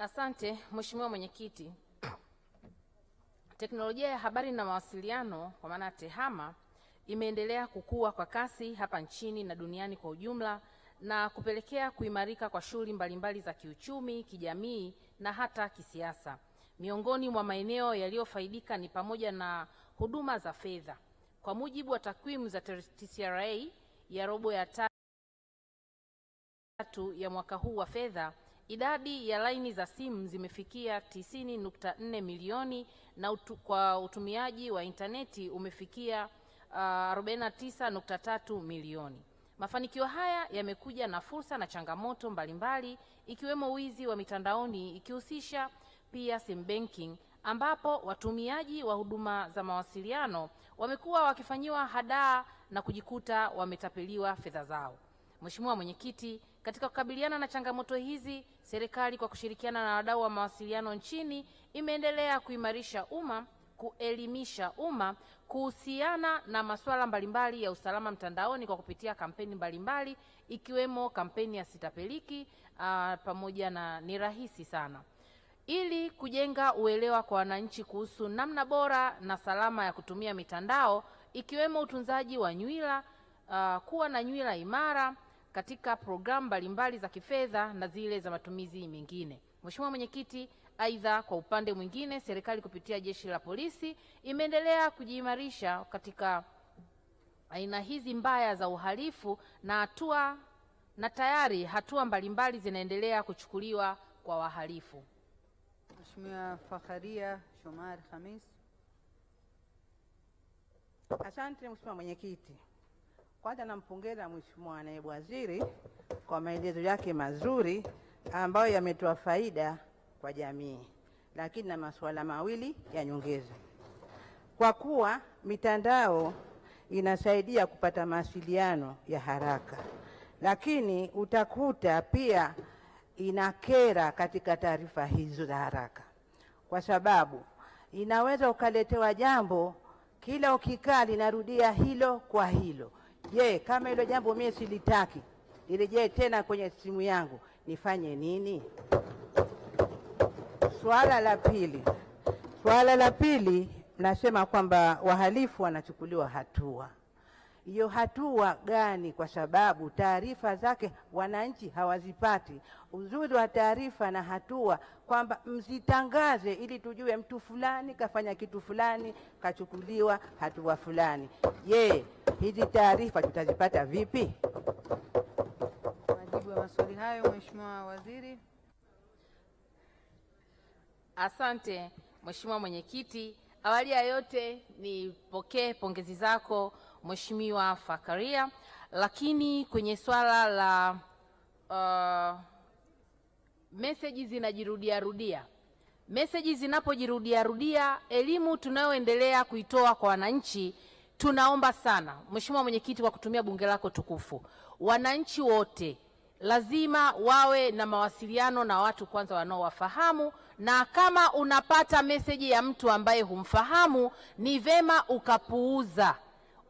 Asante Mheshimiwa Mwenyekiti. Teknolojia ya habari na mawasiliano kwa maana ya TEHAMA imeendelea kukua kwa kasi hapa nchini na duniani kwa ujumla na kupelekea kuimarika kwa shughuli mbalimbali za kiuchumi, kijamii na hata kisiasa. Miongoni mwa maeneo yaliyofaidika ni pamoja na huduma za fedha. Kwa mujibu wa takwimu za TCRA ya robo ya tatu ya mwaka huu wa fedha Idadi ya laini za simu zimefikia 90.4 milioni na utu, kwa utumiaji wa intaneti umefikia uh, 49.3 milioni. Mafanikio haya yamekuja na fursa na changamoto mbalimbali ikiwemo wizi wa mitandaoni ikihusisha pia sim banking ambapo watumiaji wa huduma za mawasiliano wamekuwa wakifanyiwa hadaa na kujikuta wametapeliwa fedha zao. Mheshimiwa Mwenyekiti, katika kukabiliana na changamoto hizi, serikali kwa kushirikiana na wadau wa mawasiliano nchini imeendelea kuimarisha umma, kuelimisha umma kuhusiana na masuala mbalimbali ya usalama mtandaoni kwa kupitia kampeni mbalimbali ikiwemo kampeni ya sitapeliki aa, ah, pamoja na ni rahisi sana ili kujenga uelewa kwa wananchi kuhusu namna bora na salama ya kutumia mitandao ikiwemo utunzaji wa nywila, uh, kuwa na nywila imara katika programu mbalimbali za kifedha na zile za matumizi mengine. Mheshimiwa Mwenyekiti, aidha, kwa upande mwingine, serikali kupitia jeshi la polisi imeendelea kujiimarisha katika aina hizi mbaya za uhalifu na hatua na tayari hatua mbalimbali zinaendelea kuchukuliwa kwa wahalifu. Mheshimiwa Fakharia Shomari Khamis. Asante Mheshimiwa Mwenyekiti. Kwanza nampongeza Mheshimiwa Naibu Waziri kwa maelezo yake mazuri ambayo yametoa faida kwa jamii, lakini na masuala mawili ya nyongeza, kwa kuwa mitandao inasaidia kupata mawasiliano ya haraka, lakini utakuta pia inakera katika taarifa hizo za haraka, kwa sababu inaweza ukaletewa jambo kila ukikaa linarudia hilo kwa hilo Je, kama hilo jambo mimi silitaki nirejee tena kwenye simu yangu nifanye nini? Swala la pili, swala la pili mnasema kwamba wahalifu wanachukuliwa hatua hiyo hatua gani? Kwa sababu taarifa zake wananchi hawazipati. Uzuri wa taarifa na hatua kwamba mzitangaze, ili tujue mtu fulani kafanya kitu fulani, kachukuliwa hatua fulani. Je, hizi taarifa tutazipata vipi? Majibu ya maswali hayo, Mheshimiwa Waziri. Asante Mheshimiwa Mwenyekiti, awali ya yote nipokee pongezi zako Mheshimiwa Fakaria, lakini kwenye swala la uh, meseji zinajirudia rudia. Meseji zinapojirudia rudia, elimu tunayoendelea kuitoa kwa wananchi, tunaomba sana Mheshimiwa Mwenyekiti, kwa kutumia bunge lako tukufu, wananchi wote lazima wawe na mawasiliano na watu kwanza wanaowafahamu, na kama unapata meseji ya mtu ambaye humfahamu, ni vema ukapuuza.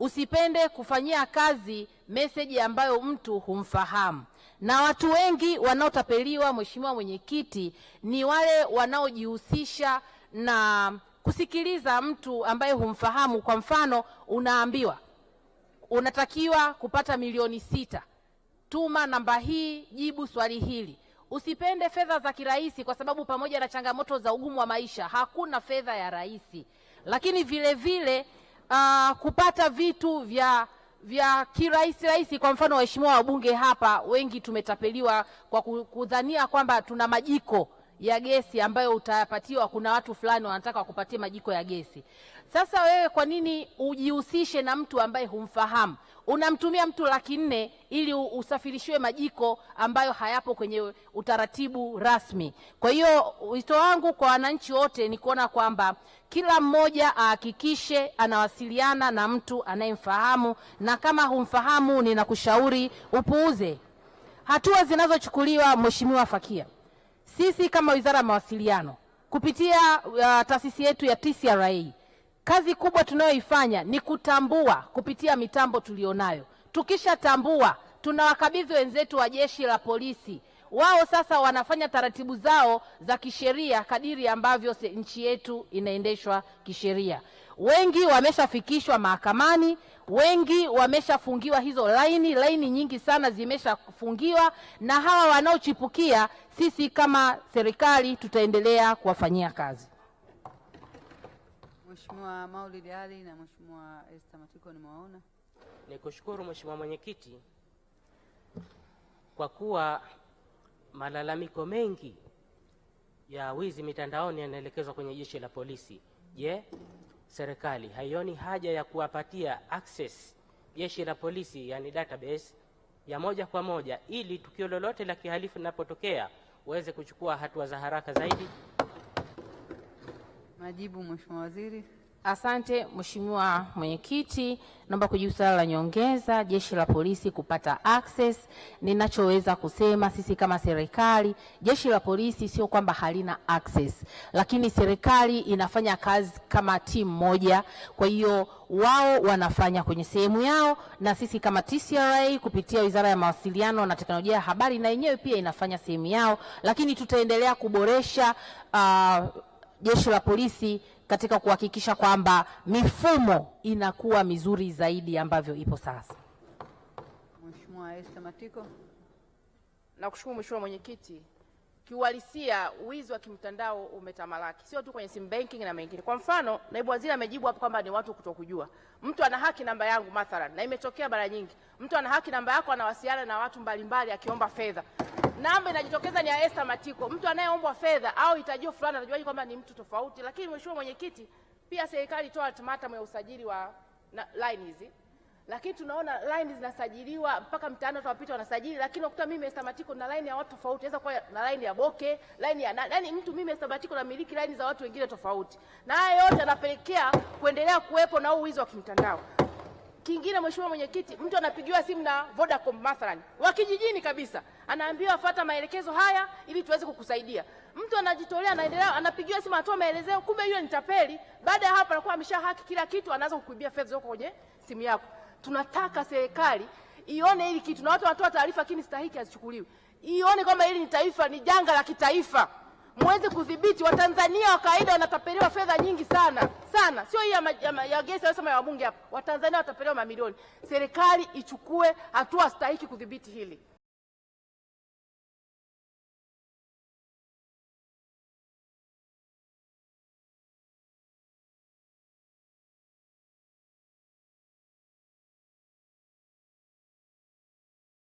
Usipende kufanyia kazi meseji ambayo mtu humfahamu. Na watu wengi wanaotapeliwa, Mheshimiwa Mwenyekiti, ni wale wanaojihusisha na kusikiliza mtu ambaye humfahamu. Kwa mfano, unaambiwa unatakiwa kupata milioni sita, tuma namba hii, jibu swali hili. Usipende fedha za kirahisi, kwa sababu pamoja na changamoto za ugumu wa maisha hakuna fedha ya rahisi, lakini vile vile uh, kupata vitu vya vya kirahisi rahisi. Kwa mfano, waheshimiwa wabunge hapa wengi tumetapeliwa kwa kudhania kwamba tuna majiko ya gesi ambayo utayapatiwa. Kuna watu fulani wanataka wakupatie majiko ya gesi. Sasa wewe, kwa nini ujihusishe na mtu ambaye humfahamu? unamtumia mtu laki nne ili usafirishiwe majiko ambayo hayapo kwenye utaratibu rasmi. Kwa hiyo wito wangu kwa wananchi wote ni kuona kwamba kila mmoja ahakikishe anawasiliana na mtu anayemfahamu, na kama humfahamu, ninakushauri upuuze hatua zinazochukuliwa Mheshimiwa Fakia. Sisi kama Wizara ya Mawasiliano kupitia uh, taasisi yetu ya TCRA Kazi kubwa tunayoifanya ni kutambua kupitia mitambo tulionayo. Tukishatambua tunawakabidhi wenzetu wa jeshi la polisi, wao sasa wanafanya taratibu zao za kisheria kadiri ambavyo nchi yetu inaendeshwa kisheria. Wengi wameshafikishwa mahakamani, wengi wameshafungiwa hizo laini, laini nyingi sana zimeshafungiwa, na hawa wanaochipukia, sisi kama serikali tutaendelea kuwafanyia kazi. Mheshimiwa Maulid Ali na Mheshimiwa Esther Matiko nimewaona. Nikushukuru Mheshimiwa Mwenyekiti kwa kuwa malalamiko mengi ya wizi mitandaoni yanaelekezwa kwenye jeshi la polisi. Je, serikali haioni haja ya kuwapatia access jeshi la polisi, yani database ya moja kwa moja, ili tukio lolote la kihalifu linapotokea waweze kuchukua hatua za haraka zaidi Majibu, Mheshimiwa Waziri. Asante Mheshimiwa Mwenyekiti, naomba kujibu swala la nyongeza jeshi la polisi kupata access. Ninachoweza kusema sisi kama serikali, jeshi la polisi sio kwamba halina access, lakini serikali inafanya kazi kama timu moja. Kwa hiyo wao wanafanya kwenye sehemu yao, na sisi kama TCRA kupitia Wizara ya Mawasiliano na Teknolojia ya Habari na yenyewe pia inafanya sehemu yao, lakini tutaendelea kuboresha uh, jeshi la polisi katika kuhakikisha kwamba mifumo inakuwa mizuri zaidi ambavyo ipo sasa. Mheshimiwa Esther Matiko. Nakushukuru Mheshimiwa Mwenyekiti. Kiuhalisia wizi wa kimtandao umetamalaki, sio tu kwenye sim banking na mengine. Kwa mfano, naibu waziri amejibu hapo kwamba ni watu kutokujua. Mtu ana haki namba yangu mathalan, na imetokea mara nyingi, mtu ana haki namba yako, anawasiliana na watu mbalimbali akiomba fedha namba inajitokeza ni ya Esther Matiko. Mtu anayeombwa fedha au hitajio fulani anajuaje kwamba ni mtu tofauti? Lakini mheshimiwa mwenyekiti, pia serikali itoa ultimatum ya usajili wa line hizi, lakini tunaona line zinasajiliwa mpaka mtaani watu wapita wanasajili, lakini unakuta mimi Esther Matiko na line ya watu tofauti, naweza kuwa na line ya Boke, line ya yani, mtu mimi Esther Matiko namiliki line za watu wengine tofauti, na haya yote yanapelekea kuendelea kuwepo na huu wizi wa kimtandao. Kingine mheshimiwa mwenyekiti, mtu anapigiwa simu na Vodacom mathalan, wa kijijini kabisa, anaambiwa fuata maelekezo haya ili tuweze kukusaidia. Mtu anajitolea, anaendelea, anapigiwa simu, anatoa maelezo, kumbe yule ni tapeli. Baada ya hapo anakuwa amesha haki kila kitu, anaanza kukuibia fedha zako kwenye simu yako. Tunataka serikali ione hili kitu, na watu wanatoa taarifa lakini stahiki hazichukuliwi, ione kwamba hili ni taifa, ni janga la kitaifa muweze kudhibiti. Watanzania wa kawaida wanatapeliwa fedha nyingi sana sana, sio hii ya gesi anasema ya wabunge hapa. Watanzania watapelewa mamilioni. Serikali ichukue hatua stahiki kudhibiti hili.